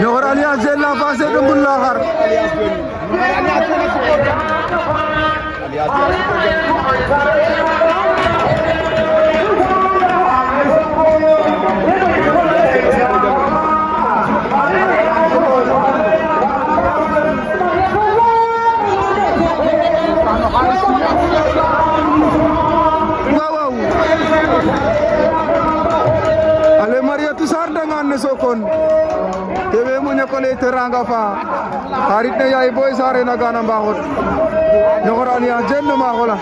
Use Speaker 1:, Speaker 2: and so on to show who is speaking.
Speaker 1: ñoxor alliance de la
Speaker 2: nganne sokon teɓe muñakole teranga fa xarit ne yaay boy sarena gana mbaxot ñoxoraan ya jenn maaxola